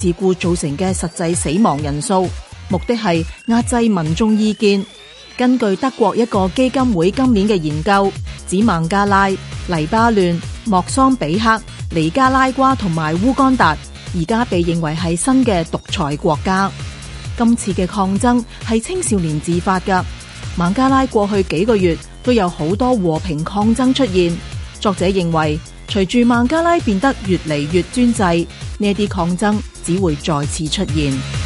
事故造成嘅實際死亡人數，目的係壓制民眾意見。根據德國一個基金會今年嘅研究，指孟加拉、黎巴嫩、莫桑比克、尼加拉瓜同埋烏干達，而家被認為係新嘅獨裁國家。今次嘅抗爭係青少年自發㗎。孟加拉過去幾個月都有好多和平抗爭出現。作者認為，隨住孟加拉變得越嚟越專制。呢啲抗爭只會再次出現。